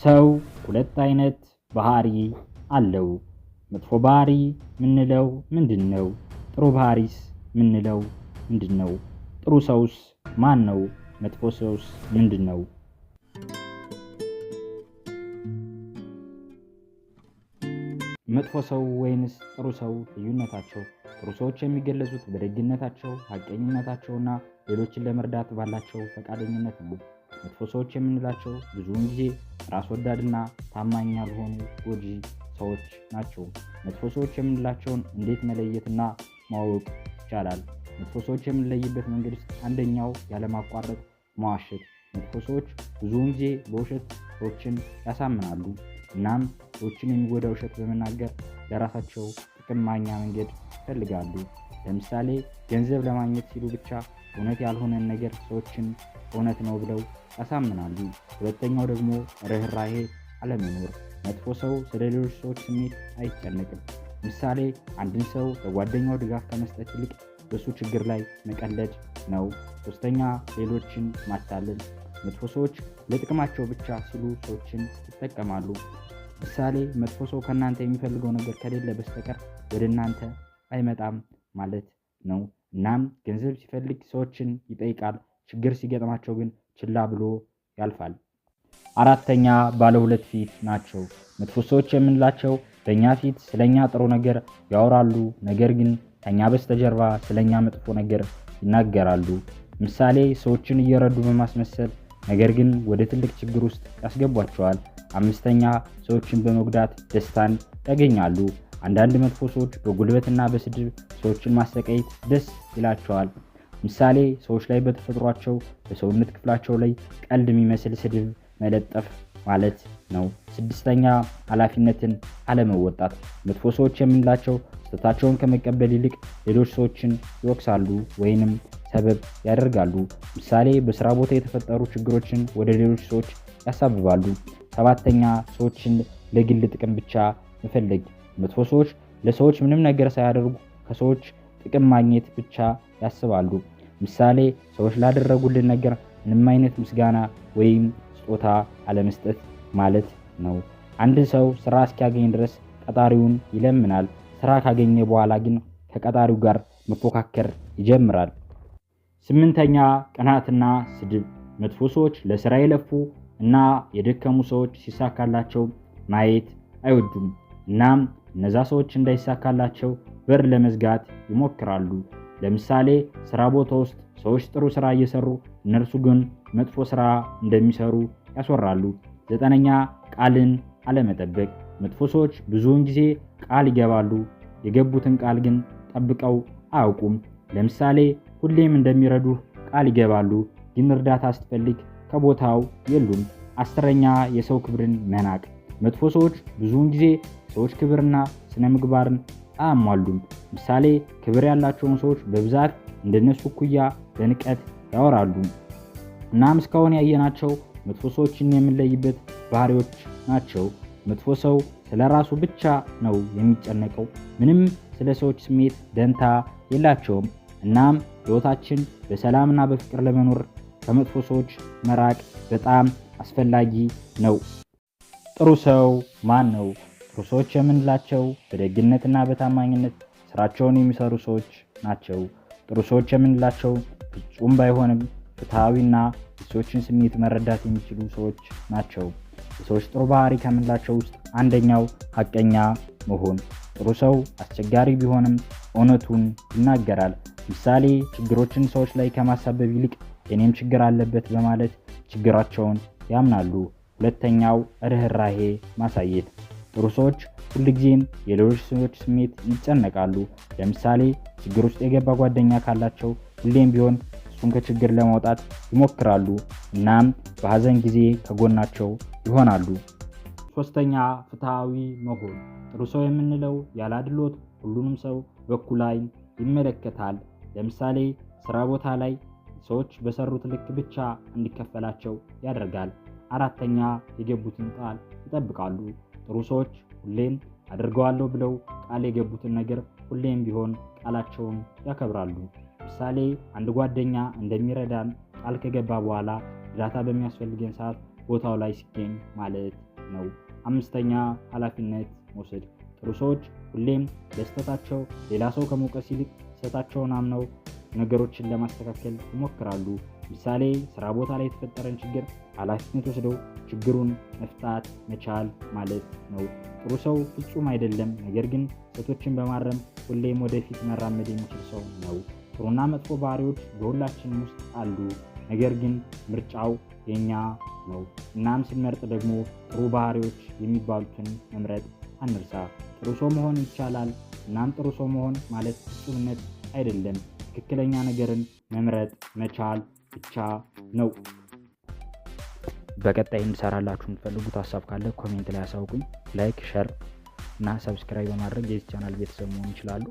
ሰው ሁለት አይነት ባህሪ አለው። መጥፎ ባህሪ ምንለው ምንድን ነው? ጥሩ ባህሪስ ምንለው ምንድን ነው? ጥሩ ሰውስ ማን ነው? መጥፎ ሰውስ ምንድን ነው? መጥፎ ሰው ወይንስ ጥሩ ሰው ልዩነታቸው? ጥሩ ሰዎች የሚገለጹት በደግነታቸው፣ ሀቀኝነታቸውና ሌሎችን ለመርዳት ባላቸው ፈቃደኝነት ነው። መጥፎ ሰዎች የምንላቸው ብዙውን ጊዜ ራስ ወዳድና ታማኝ ያልሆኑ ጎጂ ሰዎች ናቸው። መጥፎ ሰዎች የምንላቸውን እንዴት መለየትና ማወቅ ይቻላል? መጥፎ ሰዎች የምንለይበት መንገድ ውስጥ አንደኛው ያለማቋረጥ መዋሸት። መጥፎ ሰዎች ብዙውን ጊዜ በውሸት ሰዎችን ያሳምናሉ። እናም ሰዎችን የሚጎዳ ውሸት በመናገር ለራሳቸው ጥቅም ማግኛ መንገድ ይፈልጋሉ። ለምሳሌ ገንዘብ ለማግኘት ሲሉ ብቻ እውነት ያልሆነን ነገር ሰዎችን እውነት ነው ብለው ያሳምናሉ። ሁለተኛው ደግሞ ርኅራሄ አለመኖር። መጥፎ ሰው ስለ ሌሎች ሰዎች ስሜት አይጨነቅም። ምሳሌ አንድን ሰው ለጓደኛው ድጋፍ ከመስጠት ይልቅ በሱ ችግር ላይ መቀለድ ነው። ሶስተኛ ሌሎችን ማታለል። መጥፎ ሰዎች ለጥቅማቸው ብቻ ሲሉ ሰዎችን ይጠቀማሉ። ምሳሌ መጥፎ ሰው ከእናንተ የሚፈልገው ነገር ከሌለ በስተቀር ወደ እናንተ አይመጣም። ማለት ነው። እናም ገንዘብ ሲፈልግ ሰዎችን ይጠይቃል፣ ችግር ሲገጥማቸው ግን ችላ ብሎ ያልፋል። አራተኛ ባለ ሁለት ፊት ናቸው። መጥፎ ሰዎች የምንላቸው በእኛ ፊት ስለኛ ጥሩ ነገር ያወራሉ፣ ነገር ግን ከኛ በስተጀርባ ስለኛ መጥፎ ነገር ይናገራሉ። ምሳሌ ሰዎችን እየረዱ በማስመሰል ነገር ግን ወደ ትልቅ ችግር ውስጥ ያስገቧቸዋል። አምስተኛ ሰዎችን በመጉዳት ደስታን ያገኛሉ። አንዳንድ መጥፎ ሰዎች በጉልበትና በስድብ ሰዎችን ማሰቃየት ደስ ይላቸዋል። ምሳሌ ሰዎች ላይ በተፈጥሯቸው በሰውነት ክፍላቸው ላይ ቀልድ የሚመስል ስድብ መለጠፍ ማለት ነው። ስድስተኛ ኃላፊነትን አለመወጣት። መጥፎ ሰዎች የምንላቸው ስህተታቸውን ከመቀበል ይልቅ ሌሎች ሰዎችን ይወቅሳሉ ወይንም ሰበብ ያደርጋሉ። ምሳሌ በስራ ቦታ የተፈጠሩ ችግሮችን ወደ ሌሎች ሰዎች ያሳብባሉ። ሰባተኛ ሰዎችን ለግል ጥቅም ብቻ መፈለግ መጥፎ ሰዎች ለሰዎች ምንም ነገር ሳያደርጉ ከሰዎች ጥቅም ማግኘት ብቻ ያስባሉ። ምሳሌ ሰዎች ላደረጉልን ነገር ምንም አይነት ምስጋና ወይም ስጦታ አለመስጠት ማለት ነው። አንድ ሰው ስራ እስኪያገኝ ድረስ ቀጣሪውን ይለምናል። ስራ ካገኘ በኋላ ግን ከቀጣሪው ጋር መፎካከር ይጀምራል። ስምንተኛ ቅናትና ስድብ። መጥፎ ሰዎች ለስራ የለፉ እና የደከሙ ሰዎች ሲሳካላቸው ማየት አይወዱም። እናም እነዛ ሰዎች እንዳይሳካላቸው በር ለመዝጋት ይሞክራሉ። ለምሳሌ ስራ ቦታ ውስጥ ሰዎች ጥሩ ስራ እየሰሩ እነርሱ ግን መጥፎ ስራ እንደሚሰሩ ያስወራሉ። ዘጠነኛ ቃልን አለመጠበቅ። መጥፎ ሰዎች ብዙውን ጊዜ ቃል ይገባሉ፣ የገቡትን ቃል ግን ጠብቀው አያውቁም። ለምሳሌ ሁሌም እንደሚረዱህ ቃል ይገባሉ፣ ግን እርዳታ ስትፈልግ ከቦታው የሉም። አስረኛ የሰው ክብርን መናቅ መጥፎ ሰዎች ብዙውን ጊዜ ሰዎች ክብርና ስነ ምግባርን አያሟሉም። ምሳሌ ክብር ያላቸውን ሰዎች በብዛት እንደነሱ እኩያ በንቀት ያወራሉ። እናም እስካሁን ያየናቸው መጥፎ ሰዎችን የምንለይበት ባህሪዎች ናቸው። መጥፎ ሰው ስለ ራሱ ብቻ ነው የሚጨነቀው፣ ምንም ስለ ሰዎች ስሜት ደንታ የላቸውም። እናም ሕይወታችን በሰላምና በፍቅር ለመኖር ከመጥፎ ሰዎች መራቅ በጣም አስፈላጊ ነው። ጥሩ ሰው ማን ነው? ጥሩ ሰዎች የምንላቸው በደግነትና በታማኝነት ስራቸውን የሚሰሩ ሰዎች ናቸው። ጥሩ ሰዎች የምንላቸው ፍጹም ባይሆንም ፍትሐዊና የሰዎችን ስሜት መረዳት የሚችሉ ሰዎች ናቸው። የሰዎች ጥሩ ባህሪ ከምንላቸው ውስጥ አንደኛው ሀቀኛ መሆን። ጥሩ ሰው አስቸጋሪ ቢሆንም እውነቱን ይናገራል። ምሳሌ ችግሮችን ሰዎች ላይ ከማሳበብ ይልቅ የኔም ችግር አለበት በማለት ችግራቸውን ያምናሉ። ሁለተኛው ርኅራሄ ማሳየት። ጥሩ ሰዎች ሁልጊዜም የሌሎች ሰዎች ስሜት ይጨነቃሉ። ለምሳሌ ችግር ውስጥ የገባ ጓደኛ ካላቸው ሁሌም ቢሆን እሱን ከችግር ለማውጣት ይሞክራሉ፣ እናም በሐዘን ጊዜ ከጎናቸው ይሆናሉ። ሶስተኛ ፍትሐዊ መሆን። ጥሩ ሰው የምንለው ያለ አድሎት ሁሉንም ሰው በኩል ዓይን ይመለከታል። ለምሳሌ ስራ ቦታ ላይ ሰዎች በሰሩት ልክ ብቻ እንዲከፈላቸው ያደርጋል። አራተኛ የገቡትን ቃል ይጠብቃሉ። ጥሩ ሰዎች ሁሌም አድርገዋለሁ ብለው ቃል የገቡትን ነገር ሁሌም ቢሆን ቃላቸውን ያከብራሉ። ምሳሌ አንድ ጓደኛ እንደሚረዳን ቃል ከገባ በኋላ እርዳታ በሚያስፈልገን ሰዓት ቦታው ላይ ሲገኝ ማለት ነው። አምስተኛ ኃላፊነት መውሰድ። ጥሩ ሰዎች ሁሌም በስህተታቸው ሌላ ሰው ከመውቀስ ይልቅ ስህተታቸውን አምነው ነገሮችን ለማስተካከል ይሞክራሉ። ምሳሌ ስራ ቦታ ላይ የተፈጠረን ችግር ኃላፊነት ወስደው ችግሩን መፍታት መቻል ማለት ነው። ጥሩ ሰው ፍጹም አይደለም፣ ነገር ግን ስህተቶችን በማረም ሁሌም ወደፊት መራመድ የሚችል ሰው ነው። ጥሩና መጥፎ ባህሪዎች በሁላችንም ውስጥ አሉ፣ ነገር ግን ምርጫው የኛ ነው። እናም ስንመርጥ ደግሞ ጥሩ ባህሪዎች የሚባሉትን መምረጥ አንርሳ። ጥሩ ሰው መሆን ይቻላል። እናም ጥሩ ሰው መሆን ማለት ፍጹምነት አይደለም። ትክክለኛ ነገርን መምረጥ መቻል ብቻ ነው። በቀጣይ እንድሰራላችሁ የምትፈልጉት ሀሳብ ካለ ኮሜንት ላይ አሳውቁኝ። ላይክ፣ ሸር እና ሰብስክራይብ በማድረግ የዚህ ቻናል ቤተሰብ መሆን ይችላሉ።